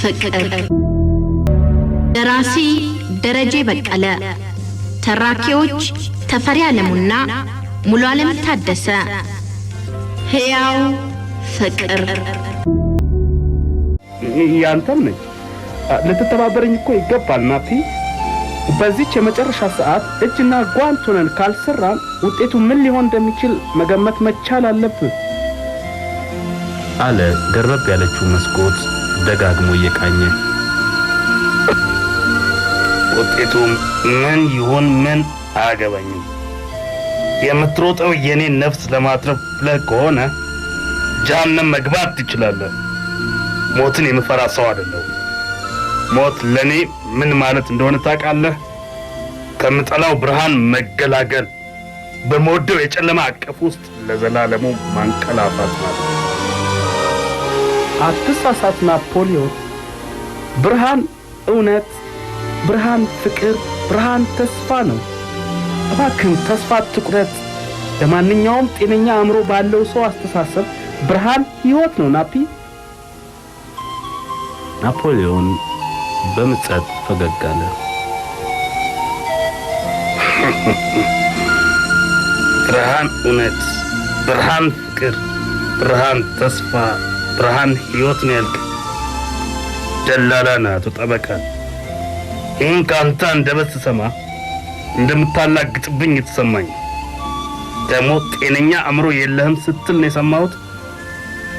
ፍቅር። ደራሲ ደረጀ በቀለ፣ ተራኪዎች ተፈሪ አለሙና ሙሉ ዓለም ታደሰ። ሕያው ፍቅር። ያንተም ነች። ልትተባበረኝ እኮ ይገባል ናቲ። በዚች የመጨረሻ ሰዓት እጅና ጓንት ሆነን ካልሰራን ውጤቱ ምን ሊሆን እንደሚችል መገመት መቻል አለብህ አለ ገረብ ያለችው መስኮት ደጋግሞ እየቃኘ ውጤቱ ምን ይሁን ምን አያገባኝም። የምትሮጠው የኔን ነፍስ ለማትረፍ ብለህ ከሆነ ጀሀነም መግባት ትችላለህ። ሞትን የምፈራ ሰው አይደለሁም። ሞት ለእኔ ምን ማለት እንደሆነ ታውቃለህ? ከምጠላው ብርሃን መገላገል፣ በመወደው የጨለማ አቀፍ ውስጥ ለዘላለሙ ማንቀላፋት ማለት አትሳሳት ናፖሊዮን። ብርሃን እውነት፣ ብርሃን ፍቅር፣ ብርሃን ተስፋ ነው። እባክህን ተስፋ ትቁረጥ። ለማንኛውም ጤነኛ አእምሮ ባለው ሰው አስተሳሰብ ብርሃን ሕይወት ነው። ናፒ ናፖሊዮን በምጸት ፈገግ አለ። ብርሃን እውነት፣ ብርሃን ፍቅር፣ ብርሃን ተስፋ ብርሃን ሕይወት ነው ያልክ ደላላ ናት ጠበቃ። ይህን ከአንተ አንደበት ስሰማ እንደምታላግጥብኝ የተሰማኝ ደግሞ ጤነኛ አእምሮ የለህም ስትል ነው የሰማሁት።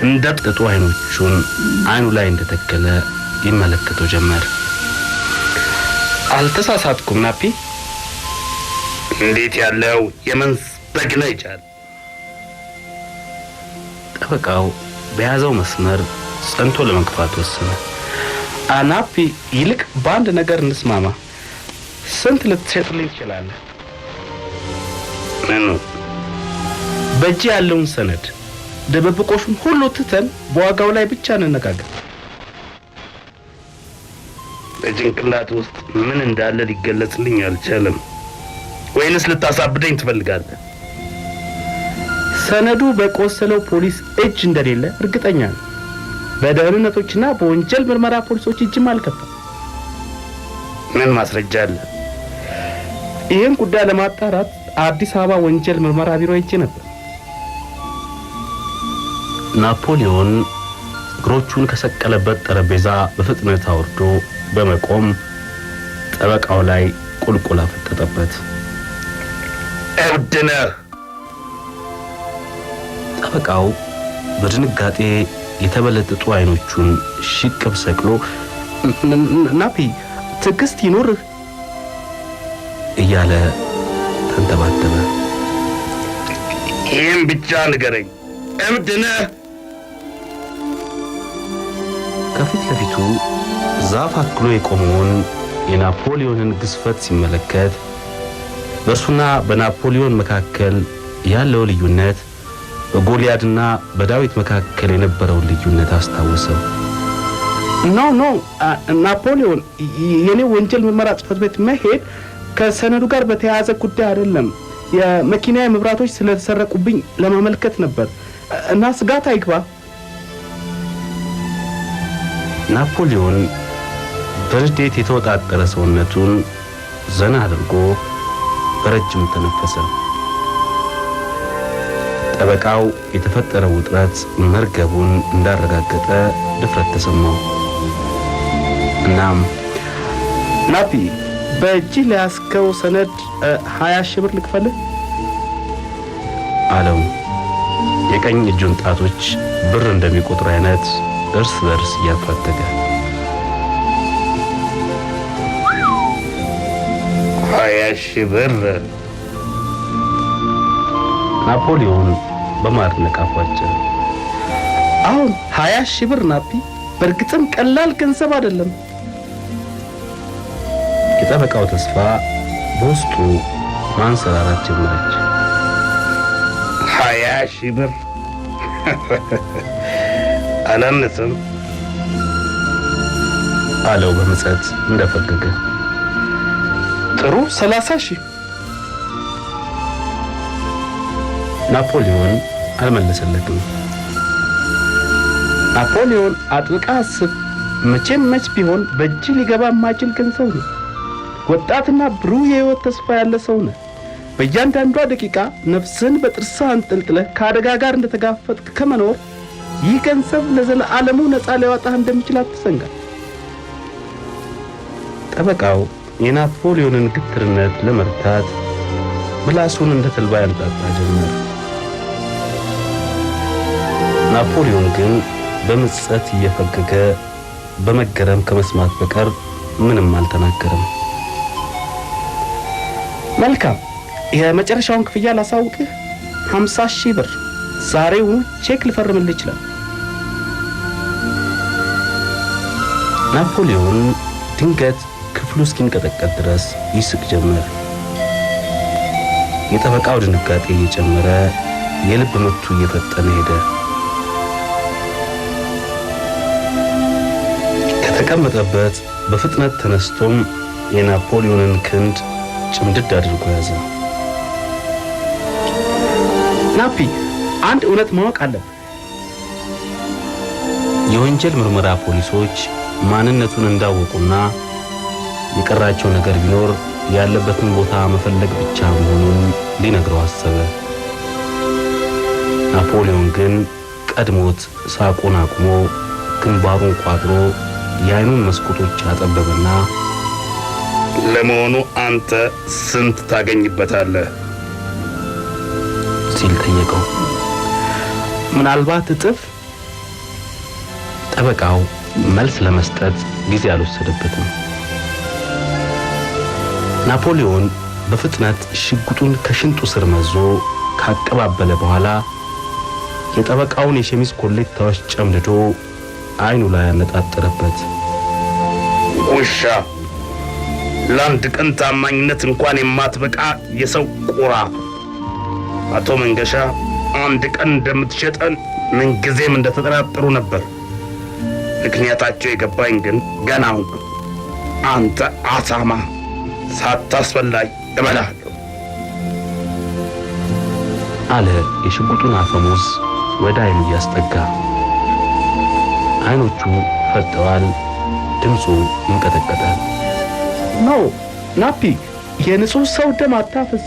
እንደ ጥጡ አይኖቹን አይኑ ላይ እንደተከለ ይመለከተው ጀመር። አልተሳሳትኩም ናፒ። እንዴት ያለው የመንስ በግ ነው ይቻል ጠበቃው በያዘው መስመር ጸንቶ ለመግፋት ወሰነ። አናፒ ይልቅ በአንድ ነገር እንስማማ። ስንት ልትሸጥልኝ ትችላለህ? ምኑ? በእጅ ያለውን ሰነድ ድብብቆሹን ሁሉ ትተን በዋጋው ላይ ብቻ እንነጋገር። በጭንቅላት ውስጥ ምን እንዳለ ሊገለጽልኝ አልቻለም። ወይንስ ልታሳብደኝ ትፈልጋለህ? ሰነዱ በቆሰለው ፖሊስ እጅ እንደሌለ እርግጠኛ ነው። በደህንነቶችና በወንጀል ምርመራ ፖሊሶች እጅም አልገባም። ምን ማስረጃ አለ? ይህን ጉዳይ ለማጣራት አዲስ አበባ ወንጀል ምርመራ ቢሮ ሄጄ ነበር። ናፖሊዮን እግሮቹን ከሰቀለበት ጠረጴዛ በፍጥነት አውርዶ በመቆም ጠበቃው ላይ ቁልቁል አፈጠጠበት። እብድ ነህ ጠበቃው በድንጋጤ የተበለጠጡ አይኖቹን ሽቅብ ሰቅሎ ናፒ ትዕግስት ይኖር እያለ ተንተባተበ። ይህም ብቻ ንገረኝ፣ እብድ ነህ? ከፊት ለፊቱ ዛፍ አክሎ የቆመውን የናፖሊዮንን ግዝፈት ሲመለከት በእርሱና በናፖሊዮን መካከል ያለው ልዩነት በጎልያድና በዳዊት መካከል የነበረውን ልዩነት አስታውሰው ኖ ኖ ናፖሊዮን የኔ ወንጀል ምርመራ ጽፈት ቤት መሄድ ከሰነዱ ጋር በተያያዘ ጉዳይ አይደለም። የመኪና መብራቶች ስለተሰረቁብኝ ለማመልከት ነበር እና ስጋት አይግባ። ናፖሊዮን በርዴት የተወጣጠረ ሰውነቱን ዘና አድርጎ በረጅም ተነፈሰ። ጠበቃው የተፈጠረው ውጥረት መርገቡን እንዳረጋገጠ ድፍረት ተሰማው። እናም ናፒ በእጅህ ለያዝከው ሰነድ ሀያ ሺህ ብር ልክፈልህ አለው። የቀኝ እጁን ጣቶች ብር እንደሚቆጥሩ አይነት እርስ በርስ እያፋተገ ሀያ ሺህ ብር ናፖሊዮን በማድነቅ አፏቸው። አሁን ሀያ ሺህ ብር ናፒ በእርግጥም ቀላል ገንዘብ አይደለም። የጠበቃው ተስፋ በውስጡ ማንሰራራት ጀመረች። ሀያ ሺህ ብር አላነሰም አለው በምጸት እንደፈገገ ጥሩ ሰላሳ ሺህ ናፖሊዮን አልመለሰለትም። ናፖሊዮን አጥልቃ አስብ መቼም መች ቢሆን በእጅ ሊገባ የማይችል ግን ሰው ነው። ወጣትና ብሩህ የሕይወት ተስፋ ያለ ሰው ነው። በእያንዳንዷ ደቂቃ ነፍስህን በጥርሳ አንጠልጥለህ ከአደጋ ጋር እንደተጋፈጥክ ከመኖር ይህ ገንዘብ ለዘለዓለሙ ነፃ ሊያወጣህ እንደሚችል አትሰንጋል። ጠበቃው የናፖሊዮንን ግትርነት ለመርታት ምላሱን እንደ ተልባ ያንጣጣ ጀመር። ናፖሊዮን ግን በምጸት እየፈገገ በመገረም ከመስማት በቀር ምንም አልተናገረም። መልካም፣ የመጨረሻውን ክፍያ ላሳውቅህ። ሀምሳ ሺህ ብር ዛሬው ቼክ ልፈርምልህ ይችላል። ናፖሊዮን ድንገት ክፍሉ እስኪንቀጠቀጥ ድረስ ይስቅ ጀመር። የጠበቃው ድንጋጤ እየጨመረ የልብ ምቱ እየፈጠነ ሄደ። ከተቀመጠበት በፍጥነት ተነስቶም የናፖሊዮንን ክንድ ጭምድድ አድርጎ ያዘ። ናፒ፣ አንድ እውነት ማወቅ አለብን። የወንጀል ምርመራ ፖሊሶች ማንነቱን እንዳወቁና የቀራቸው ነገር ቢኖር ያለበትን ቦታ መፈለግ ብቻ መሆኑን ሊነግረው አሰበ። ናፖሊዮን ግን ቀድሞት ሳቁን አቁሞ ግንባሩን ቋጥሮ የአይኑን መስኮቶች አጠበበና ለመሆኑ አንተ ስንት ታገኝበታለህ ሲል ጠየቀው። ምናልባት እጥፍ። ጠበቃው መልስ ለመስጠት ጊዜ አልወሰደበትም። ናፖሊዮን በፍጥነት ሽጉጡን ከሽንጡ ስር መዞ ካቀባበለ በኋላ የጠበቃውን የሸሚዝ ኮሌታዎች ጨምድዶ አይኑ ላይ ያነጣጠረበት። ውሻ ለአንድ ቀን ታማኝነት እንኳን የማትበቃ የሰው ቁራ። አቶ መንገሻ አንድ ቀን እንደምትሸጠን ምንጊዜም እንደተጠራጠሩ ነበር። ምክንያታቸው የገባኝ ግን ገና አሁን አንተ አሳማ ሳታስፈላጊ እበላለሁ አለ የሽጉጡን አፈሙዝ ወደ አይኑ እያስጠጋ። አይኖቹ ፈጠዋል። ድምፁ ይንቀጠቀጣል። ኖ ናፒ፣ የንጹሕ ሰው ደም አታፍስ።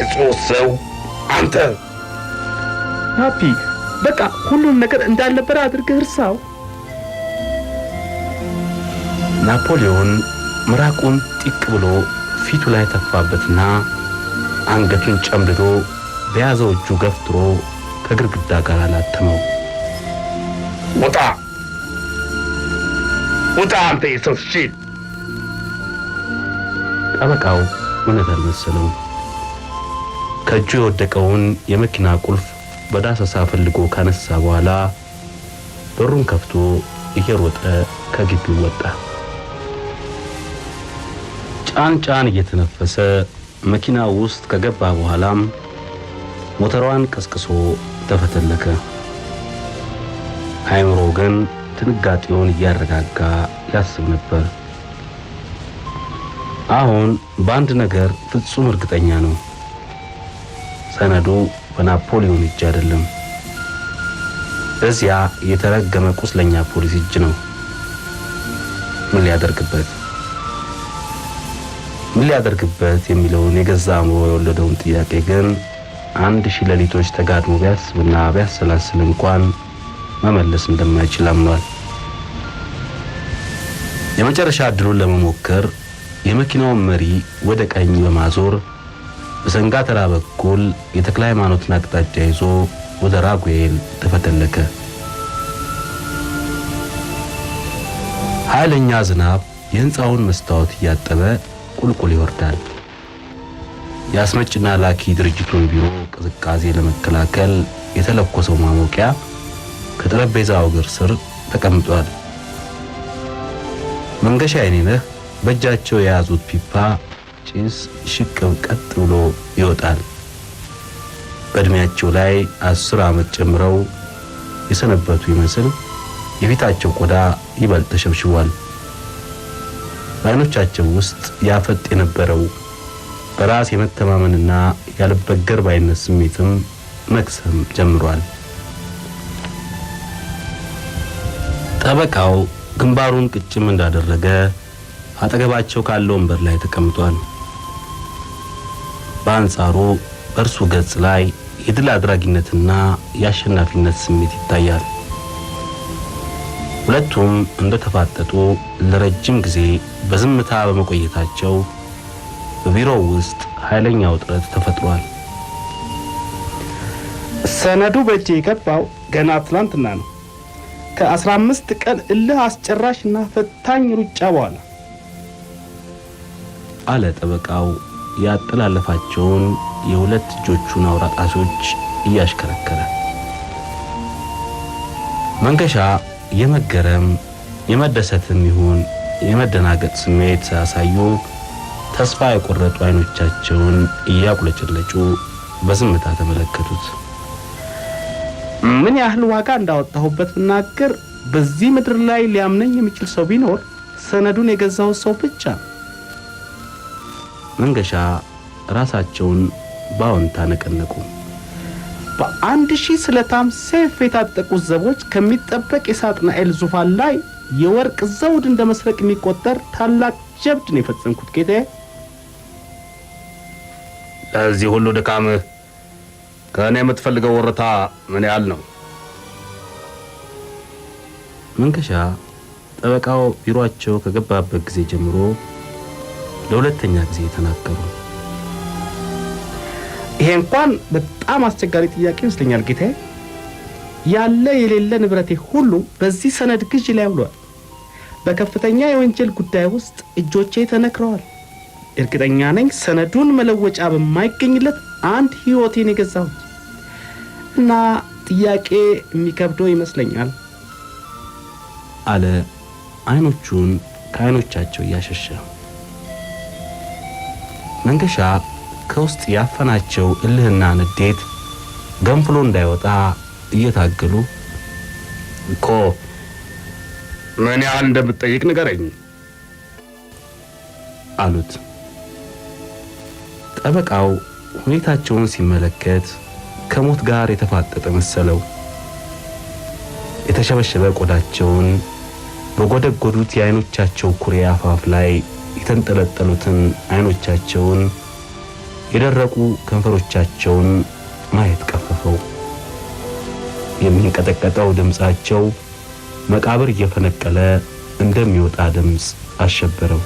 ንጹሕ ሰው አንተ ናፒ፣ በቃ ሁሉን ነገር እንዳልነበረ አድርገህ እርሳው። ናፖሊዮን ምራቁን ጢቅ ብሎ ፊቱ ላይ ተፋበትና አንገቱን ጨምድዶ በያዘው እጁ ገፍትሮ ከግድግዳ ጋር አላተመው። ውጣ ውጣ አንተ የሰው ሽል። ጠበቃው እውነት አልመሰለው። ከእጁ የወደቀውን የመኪና ቁልፍ በዳሰሳ ፈልጎ ካነሳ በኋላ በሩን ከፍቶ እየሮጠ ከግቢው ወጣ። ጫን ጫን እየተነፈሰ መኪና ውስጥ ከገባ በኋላም ሞተሯን ቀስቅሶ ተፈተለከ። አይምሮ ግን ትንጋጤውን እያረጋጋ ያስብ ነበር። አሁን በአንድ ነገር ፍጹም እርግጠኛ ነው። ሰነዱ በናፖሊዮን እጅ አይደለም፣ እዚያ የተረገመ ቁስለኛ ፖሊስ እጅ ነው። ምን ሊያደርግበት ምን ሊያደርግበት የሚለውን የገዛ አእምሮ የወለደውን ጥያቄ ግን አንድ ሺህ ሌሊቶች ተጋድሞ ቢያስብና ቢያሰላስል እንኳን መመለስ እንደማይችል አምኗል። የመጨረሻ እድሉን ለመሞከር የመኪናውን መሪ ወደ ቀኝ በማዞር በሰንጋተራ በኩል የተክለ ሃይማኖትን አቅጣጫ ይዞ ወደ ራጉኤል ተፈተለከ። ኃይለኛ ዝናብ የሕንፃውን መስታወት እያጠበ ቁልቁል ይወርዳል። የአስመጭና ላኪ ድርጅቱን ቢሮ ቅዝቃዜ ለመከላከል የተለኮሰው ማሞቂያ ከጠረጴዛው እግር ስር ተቀምጧል። መንገሻ አይኔነህ በእጃቸው የያዙት ፒፓ ጭስ ሽቅብ ቀጥ ብሎ ይወጣል። በእድሜያቸው ላይ አስር ዓመት ጨምረው የሰነበቱ ይመስል የፊታቸው ቆዳ ይበልጥ ተሸብሽቧል። በአይኖቻቸው ውስጥ ያፈጥ የነበረው በራስ የመተማመንና ያልበገር ባይነት ስሜትም መክሰም ጀምሯል። ጠበቃው ግንባሩን ቅጭም እንዳደረገ አጠገባቸው ካለው ወንበር ላይ ተቀምጧል። በአንጻሩ በእርሱ ገጽ ላይ የድል አድራጊነትና የአሸናፊነት ስሜት ይታያል። ሁለቱም እንደተፋጠጡ ለረጅም ጊዜ በዝምታ በመቆየታቸው በቢሮው ውስጥ ኃይለኛ ውጥረት ተፈጥሯል። ሰነዱ በእጅ የገባው ገና ትላንትና ነው። ከ15 ቀን እልህ አስጨራሽ እና ፈታኝ ሩጫ በኋላ አለ ጠበቃው ያጠላለፋቸውን የሁለት እጆቹን አውራ ጣቶች እያሽከረከረ መንገሻ የመገረም የመደሰትም ይሁን የመደናገጥ ስሜት ሳያሳዩ ተስፋ የቆረጡ አይኖቻቸውን እያቁለጨለጩ በዝምታ ተመለከቱት። ምን ያህል ዋጋ እንዳወጣሁበት ብናገር በዚህ ምድር ላይ ሊያምነኝ የሚችል ሰው ቢኖር ሰነዱን የገዛው ሰው ብቻ። መንገሻ ራሳቸውን በአዎንታ ነቀነቁ። በአንድ ሺህ ስለታም ሰይፍ የታጠቁት ዘቦች ከሚጠበቅ የሳጥናኤል ዙፋን ላይ የወርቅ ዘውድ እንደ መስረቅ የሚቆጠር ታላቅ ጀብድ ነው የፈጸምኩት ጌታዬ። ለዚህ ሁሉ ድካምህ ከእኔ የምትፈልገው ወረታ ምን ያህል ነው? መንገሻ ጠበቃው ቢሮአቸው ከገባበት ጊዜ ጀምሮ ለሁለተኛ ጊዜ ተናገሩ። ይሄ እንኳን በጣም አስቸጋሪ ጥያቄ ይመስለኛል ጌታዬ። ያለ የሌለ ንብረቴ ሁሉ በዚህ ሰነድ ግዥ ላይ ውሏል። በከፍተኛ የወንጀል ጉዳይ ውስጥ እጆቼ ተነክረዋል። እርግጠኛ ነኝ ሰነዱን መለወጫ በማይገኝለት አንድ ህይወቴን የገዛሁት እና ጥያቄ የሚከብደው ይመስለኛል አለ አይኖቹን ከአይኖቻቸው እያሸሸ መንገሻ ከውስጥ ያፈናቸው እልህና ንዴት ገንፍሎ እንዳይወጣ እየታገሉ እኮ ምን ያህል እንደምትጠይቅ ንገረኝ አሉት ጠበቃው ሁኔታቸውን ሲመለከት ከሞት ጋር የተፋጠጠ መሰለው። የተሸበሸበ ቆዳቸውን በጎደጎዱት የአይኖቻቸው ኩሬ አፋፍ ላይ የተንጠለጠሉትን አይኖቻቸውን፣ የደረቁ ከንፈሮቻቸውን ማየት ቀፈፈው። የሚንቀጠቀጠው ድምፃቸው መቃብር እየፈነቀለ እንደሚወጣ ድምፅ አሸበረው።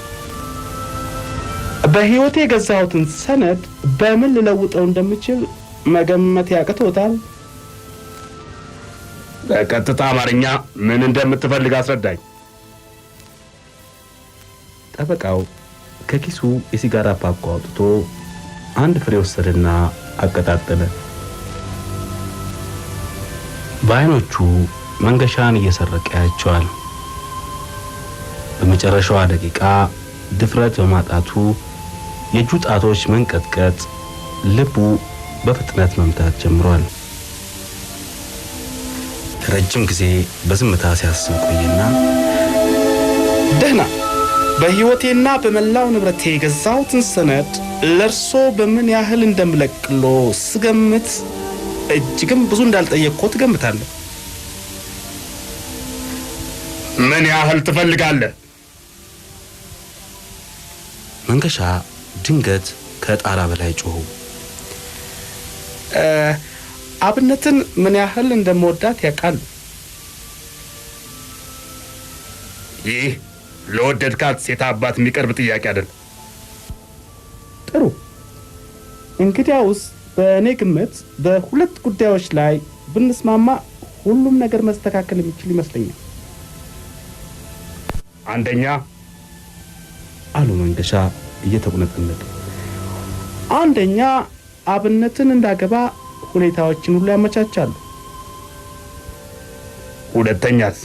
በህይወቴ የገዛሁትን ሰነድ በምን ልለውጠው እንደምችል መገመት ያቅቶታል። በቀጥታ አማርኛ ምን እንደምትፈልግ አስረዳኝ። ጠበቃው ከኪሱ የሲጋራ ፓኮ አውጥቶ አንድ ፍሬ ወሰደና አቀጣጠለ። በአይኖቹ መንገሻን እየሰረቀ ያቸዋል። በመጨረሻዋ ደቂቃ ድፍረት በማጣቱ የእጁ ጣቶች መንቀጥቀጥ፣ ልቡ በፍጥነት መምታት ጀምሯል። ረጅም ጊዜ በዝምታ ሲያስብ ቆየና ደህና በሕይወቴና በመላው ንብረቴ የገዛሁትን ሰነድ ለእርሶ በምን ያህል እንደምለቅሎ ስገምት እጅግም ብዙ እንዳልጠየቅኮ ትገምታለህ። ምን ያህል ትፈልጋለህ? መንገሻ ድንገት ከጣራ በላይ ጮሁ። አብነትን ምን ያህል እንደመወዳት ያውቃሉ። ይህ ለወደድካት ሴት አባት የሚቀርብ ጥያቄ አይደል? ጥሩ። እንግዲያውስ በእኔ ግምት በሁለት ጉዳዮች ላይ ብንስማማ ሁሉም ነገር መስተካከል የሚችል ይመስለኛል። አንደኛ አሉ መንገሻ እየተቁነጠነጠ አንደኛ አብነትን እንዳገባ ሁኔታዎችን ሁሉ ያመቻቻሉ። ሁለተኛስ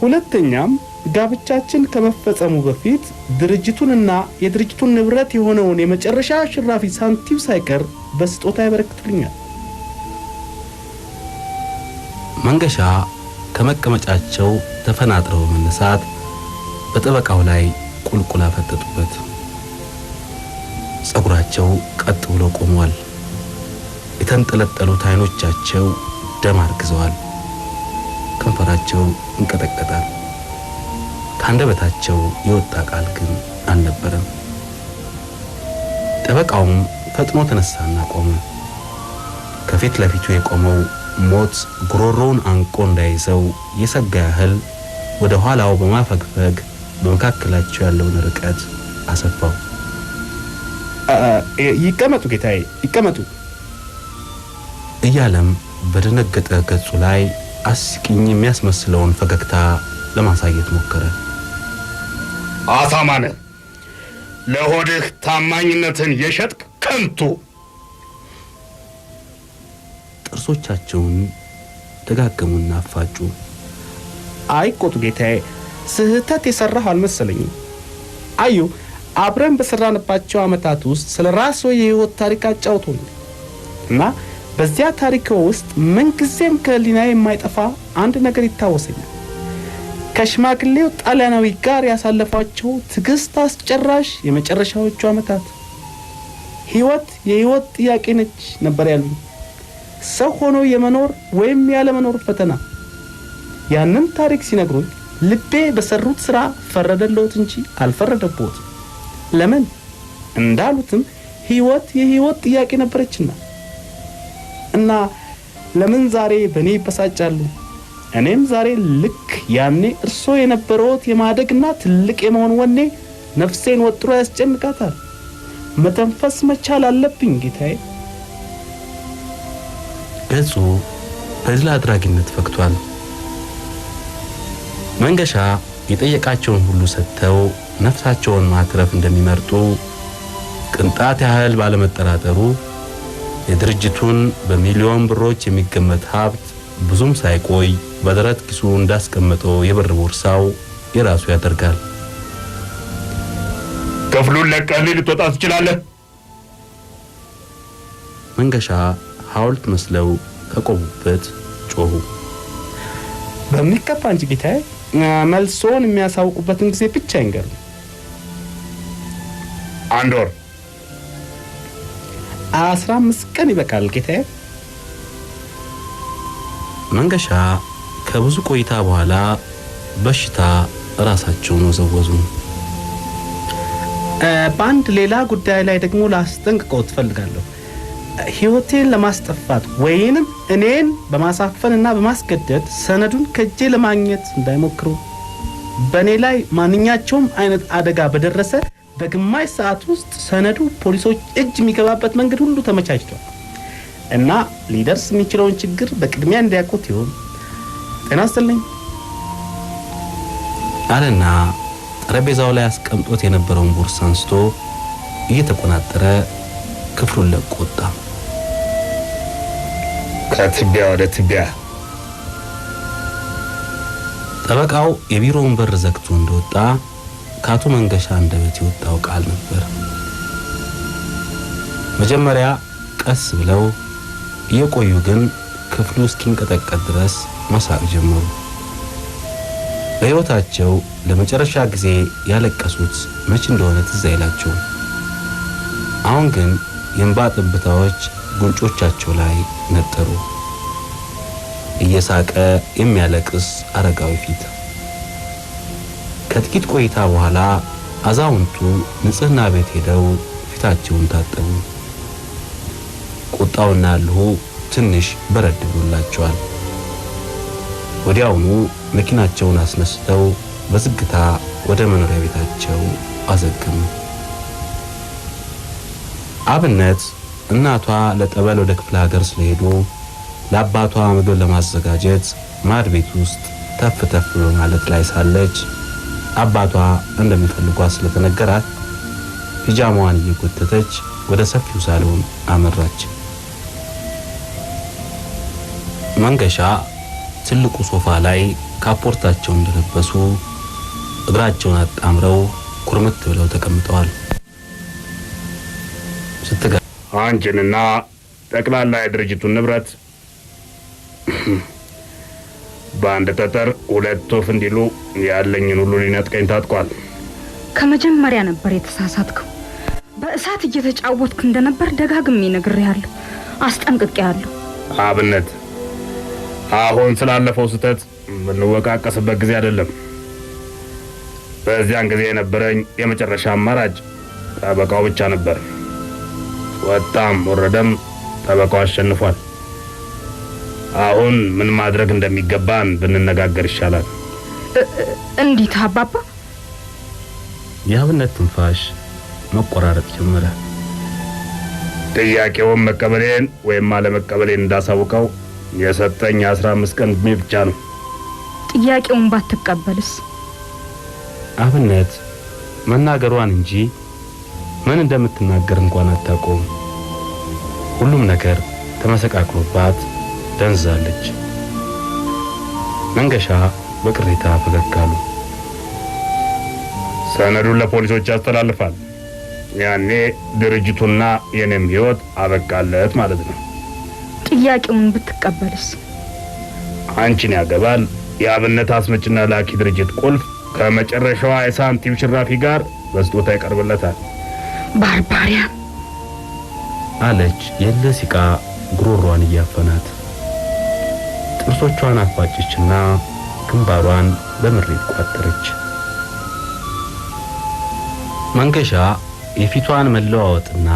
ሁለተኛም ጋብቻችን ከመፈጸሙ በፊት ድርጅቱንና የድርጅቱን ንብረት የሆነውን የመጨረሻ ሽራፊ ሳንቲም ሳይቀር በስጦታ ያበረክቱልኛል። መንገሻ ከመቀመጫቸው ተፈናጥረው መነሳት በጠበቃው ላይ ቁልቁል አፈጠጡበት። ጸጉራቸው ቀጥ ብሎ ቆሟል። የተንጠለጠሉት አይኖቻቸው ደም አርግዘዋል። ከንፈራቸው እንቀጠቀጣል። ከአንደበታቸው የወጣ ቃል ግን አልነበረም። ጠበቃውም ፈጥኖ ተነሳና ቆመ። ከፊት ለፊቱ የቆመው ሞት ጉሮሮውን አንቆ እንዳይዘው የሰጋ ያህል ወደ ኋላው በማፈግፈግ በመካከላቸው ያለውን ርቀት አሰፋው። ይቀመጡ ጌታዬ ይቀመጡ እያለም በደነገጠ ገጹ ላይ አስቂኝ የሚያስመስለውን ፈገግታ ለማሳየት ሞከረ። አሳማነ ለሆድህ ታማኝነትን የሸጥክ ከንቱ። ጥርሶቻቸውን ደጋገሙና አፋጩ። አይቆጡ ጌታዬ ስህተት የሰራሁ አልመሰለኝም። አዩ አብረን በሰራንባቸው ዓመታት ውስጥ ስለ ራስዎ የህይወት ታሪክ አጫውቶኝ እና በዚያ ታሪክ ውስጥ ምንጊዜም ከህሊና የማይጠፋ አንድ ነገር ይታወሰኛል። ከሽማግሌው ጣሊያናዊ ጋር ያሳለፏቸው ትዕግስት አስጨራሽ የመጨረሻዎቹ ዓመታት ህይወት የህይወት ጥያቄ ነች ነበር ያሉ ሰው ሆኖ የመኖር ወይም ያለመኖር ፈተና። ያንን ታሪክ ሲነግሩኝ ልቤ በሰሩት ሥራ ፈረደለሁት እንጂ አልፈረደብዎትም። ለምን እንዳሉትም ህይወት የህይወት ጥያቄ ነበረችና እና ለምን ዛሬ በእኔ ይበሳጫሉ? እኔም ዛሬ ልክ ያኔ እርሶ የነበረውት የማደግና ትልቅ የመሆን ወኔ ነፍሴን ወጥሮ ያስጨንቃታል። መተንፈስ መቻል አለብኝ ጌታዬ። ገጹ በዝላ አድራጊነት ፈክቷል። መንገሻ የጠየቃቸውን ሁሉ ሰጥተው ነፍሳቸውን ማትረፍ እንደሚመርጡ ቅንጣት ያህል ባለመጠራጠሩ የድርጅቱን በሚሊዮን ብሮች የሚገመት ሀብት ብዙም ሳይቆይ በደረት ኪሱ እንዳስቀመጠው የብር ቦርሳው የራሱ ያደርጋል። ክፍሉን ለቀህልኝ ልትወጣ ትችላለህ። መንገሻ ሐውልት መስለው ከቆሙበት ጮኹ። በሚገባ እንጂ ጌታዬ። መልሶን የሚያሳውቁበትን ጊዜ ብቻ ይንገሩ። አንድ ወር አስራ አምስት ቀን ይበቃል ጌታዬ። መንገሻ ከብዙ ቆይታ በኋላ በሽታ ራሳቸውን ወዘወዙ። በአንድ ሌላ ጉዳይ ላይ ደግሞ ላስጠንቅቀው ትፈልጋለሁ። ህይወቴን ለማስጠፋት ወይንም እኔን በማሳፈን እና በማስገደድ ሰነዱን ከጄ ለማግኘት እንዳይሞክሩ በእኔ ላይ ማንኛቸውም አይነት አደጋ በደረሰ በግማሽ ሰዓት ውስጥ ሰነዱ ፖሊሶች እጅ የሚገባበት መንገድ ሁሉ ተመቻችቷል እና ሊደርስ የሚችለውን ችግር በቅድሚያ እንዲያውቁት ይሆን ጤና አለና ጠረጴዛው ላይ አስቀምጦት የነበረውን ቦርሳ አንስቶ እየተቆናጠረ ክፍሉን ለቆ ወጣ። ከትቢያ ወደ ትቢያ። ጠበቃው የቢሮውን በር ዘግቶ እንደወጣ ከአቶ መንገሻ አንደበት የወጣው ቃል ነበር። መጀመሪያ ቀስ ብለው እየቆዩ ግን ክፍሉ እስኪንቀጠቀጥ ድረስ መሳቅ ጀመሩ። በሕይወታቸው ለመጨረሻ ጊዜ ያለቀሱት መች እንደሆነ ትዝ አይላቸውም። አሁን ግን የእንባ ጠብታዎች ጉንጮቻቸው ላይ ነጠሩ። እየሳቀ የሚያለቅስ አረጋዊ ፊት። ከጥቂት ቆይታ በኋላ አዛውንቱ ንጽህና ቤት ሄደው ፊታቸውን ታጠቡ። ቁጣውና ያልሁ ትንሽ በረድ ብሎላቸዋል። ወዲያውኑ መኪናቸውን አስነስተው በዝግታ ወደ መኖሪያ ቤታቸው አዘገሙ። አብነት እናቷ ለጠበል ወደ ክፍለ ሀገር ስለሄዱ ለአባቷ ምግብ ለማዘጋጀት ማድ ቤት ውስጥ ተፍ ተፍ በማለት ላይ ሳለች አባቷ እንደሚፈልጓት ስለተነገራት ፒጃማዋን እየጎተተች ወደ ሰፊው ሳሎን አመራች። መንገሻ ትልቁ ሶፋ ላይ ካፖርታቸውን እንደለበሱ እግራቸውን አጣምረው ኩርምት ብለው ተቀምጠዋል። ስትጋ አንቺንና ጠቅላላ የድርጅቱን ንብረት በአንድ ጠጠር ሁለት ወፍ እንዲሉ ያለኝን ሁሉ ሊነጥቀኝ ታጥቋል። ከመጀመሪያ ነበር የተሳሳትከው። በእሳት እየተጫወትክ እንደነበር ደጋግሜ ነግሬሃለሁ፣ አስጠንቅቄሃለሁ። አብነት አሁን ስላለፈው ስህተት የምንወቃቀስበት ጊዜ አይደለም። በዚያን ጊዜ የነበረኝ የመጨረሻ አማራጭ ጠበቃው ብቻ ነበር። ወጣም ወረደም ጠበቃው አሸንፏል። አሁን ምን ማድረግ እንደሚገባን ብንነጋገር ይሻላል። እንዴት አባባ? የአብነት ትንፋሽ መቆራረጥ ጀመረ። ጥያቄውን መቀበሌን ወይም አለመቀበሌን እንዳሳውቀው የሰጠኝ አስራ አምስት ቀን ዕድሜ ብቻ ነው። ጥያቄውን ባትቀበልስ? አብነት መናገሯን እንጂ ምን እንደምትናገር እንኳን አታቆም ሁሉም ነገር ተመሰቃቅሎባት ደንዛለች። መንገሻ በቅሬታ ፈገግ አሉ። ሰነዱን ለፖሊሶች ያስተላልፋል። ያኔ ድርጅቱና የኔም ህይወት አበቃለት ማለት ነው። ጥያቄውን ብትቀበልስ? አንቺን ያገባል። የአብነት አስመጭና ላኪ ድርጅት ቁልፍ ከመጨረሻዋ የሳንቲም ሽራፊ ጋር በስጦታ ይቀርብለታል። ባርባሪያ! አለች የለ ሲቃ ጉሮሯን እያፈናት ጥርሶቿን አፋጨችና ግንባሯን በምሬት ቋጠረች። መንገሻ የፊቷን መለዋወጥና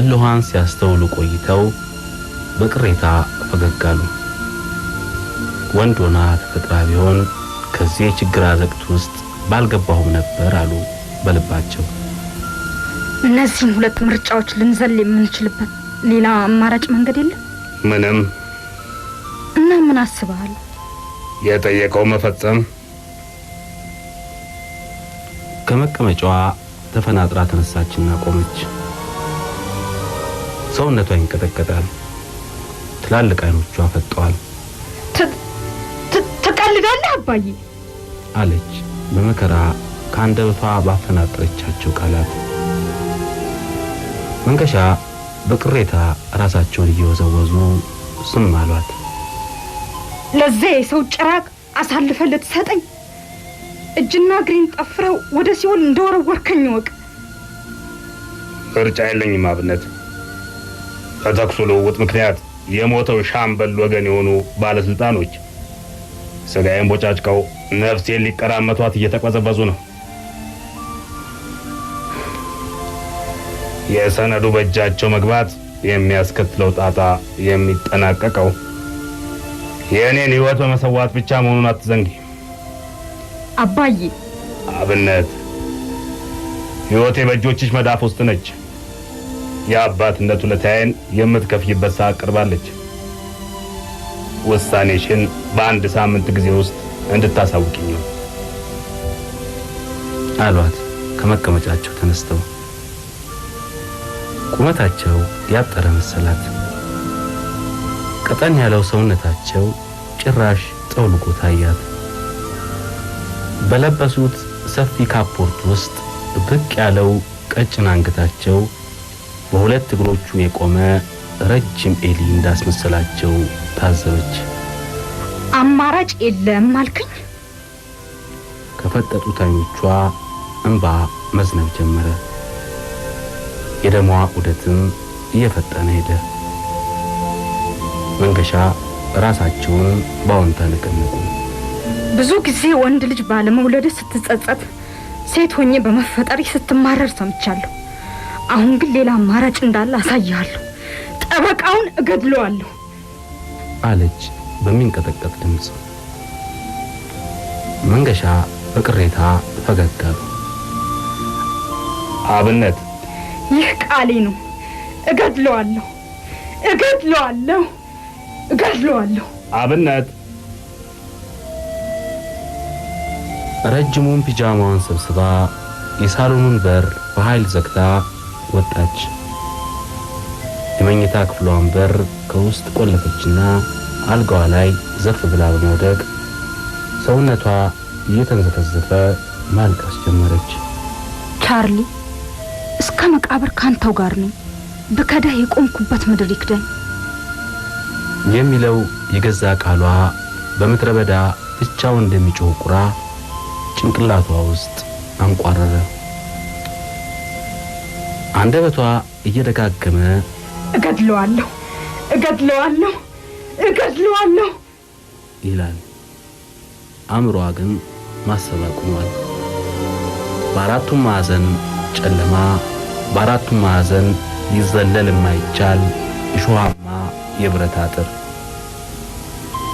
እልኋን ሲያስተውሉ ቆይተው በቅሬታ ፈገግ አሉ። ወንድ ሆና ተፈጥራ ቢሆን ከዚህ የችግር አዘቅት ውስጥ ባልገባሁም ነበር አሉ በልባቸው። እነዚህን ሁለት ምርጫዎች ልንዘል የምንችልበት ሌላ አማራጭ መንገድ የለም? ምንም። እና ምን አስበሃል? የጠየቀው መፈጸም። ከመቀመጫዋ ተፈናጥራ ተነሳችና ቆመች። ሰውነቷ ይንቀጠቀጣል። ትላልቅ አይኖቿ ፈጠዋል። ትቀልዳለህ አባዬ አለች በመከራ ከአንደበቷ ባፈናጠረቻቸው ቃላት መንከሻ በቅሬታ ራሳቸውን እየወዘወዙ ስም አሏት። ለዚያ የሰው ጭራቅ አሳልፈ ልትሰጠኝ እጅና እግሬን ጠፍረው ወደ ሲኦል እንደወረወርከኝ ወቅ ምርጫ የለኝም አብነት። ከተኩሱ ልውውጥ ምክንያት የሞተው ሻምበል ወገን የሆኑ ባለስልጣኖች ስጋዬን ቦጫጭቀው ነፍሴን ሊቀራመቷት እየተቀዘበዙ ነው። የሰነዱ በእጃቸው መግባት የሚያስከትለው ጣጣ የሚጠናቀቀው የእኔን ህይወት በመሰዋት ብቻ መሆኑን አትዘንጊ አባዬ። አብነት ሕይወቴ በእጆችሽ መዳፍ ውስጥ ነች። የአባትነት ውለታዬን የምትከፍይበት ሰዓት ቀርባለች። ውሳኔሽን በአንድ ሳምንት ጊዜ ውስጥ እንድታሳውቅኝ አሏት። ከመቀመጫቸው ተነስተው ቁመታቸው ያጠረ መሰላት። ቀጠን ያለው ሰውነታቸው ጭራሽ ጠውልጎ ታያት። በለበሱት ሰፊ ካፖርት ውስጥ ብቅ ያለው ቀጭን አንገታቸው በሁለት እግሮቹ የቆመ ረጅም ኤሊ እንዳስመሰላቸው ታዘበች። አማራጭ የለም አልክኝ? ከፈጠጡት አይኖቿ እንባ መዝነብ ጀመረ። የደሟ ዑደትም እየፈጠነ ሄደ። መንገሻ ራሳቸውን በአዎንታ ነቀነቁ። ብዙ ጊዜ ወንድ ልጅ ባለመውለድ ስትጸጸት፣ ሴት ሆኜ በመፈጠሪ ስትማረር ሰምቻለሁ። አሁን ግን ሌላ አማራጭ እንዳለ አሳያለሁ። ጠበቃውን እገድለዋለሁ አለች በሚንቀጠቀጥ ድምፅ። መንገሻ በቅሬታ ፈገግ አሉ። አብነት ይህ ቃሌ ነው። እገድለዋለሁ፣ እገድለዋለሁ፣ እገድለዋለሁ። አብነት ረጅሙን ፒጃማዋን ሰብስባ የሳሎኑን በር በኃይል ዘግታ ወጣች። የመኝታ ክፍሏን በር ከውስጥ ቆለፈችና አልጋዋ ላይ ዘፍ ብላ በመውደቅ ሰውነቷ እየተንዘፈዘፈ ማልቀስ ጀመረች። ቻርሊ እስከ መቃብር ካንተው ጋር ነው። ብከዳህ የቆምኩበት ምድር ይክደኝ የሚለው የገዛ ቃሏ በምድረ በዳ ብቻውን እንደሚጮህ ቁራ ጭንቅላቷ ውስጥ አንቋረረ። አንደበቷ እየደጋገመ እገድለዋለሁ፣ እገድለዋለሁ፣ እገድለዋለሁ ይላል። አእምሯዋ ግን ማሰብ አቁሟል። በአራቱም ማዕዘን ጨለማ በአራቱ ማዕዘን ሊዘለል የማይቻል እሾሃማ የብረት አጥር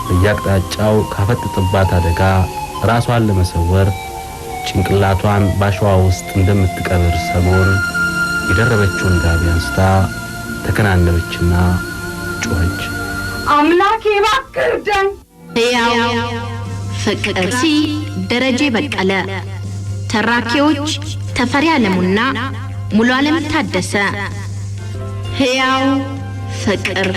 በየአቅጣጫው ካፈጠጠባት አደጋ ራሷን ለመሰወር ጭንቅላቷን ባሸዋ ውስጥ እንደምትቀብር ሰሞን የደረበችውን ጋቢ አንስታ ተከናነበችና ጮኸች። አምላኬ እባክህ እርዳኝ። ሕያው ፍቅር ደረጀ በቀለ ተራኪዎች ተፈሪ አለሙና ሙሉ አለም ታደሰ ሕያው ፍቅር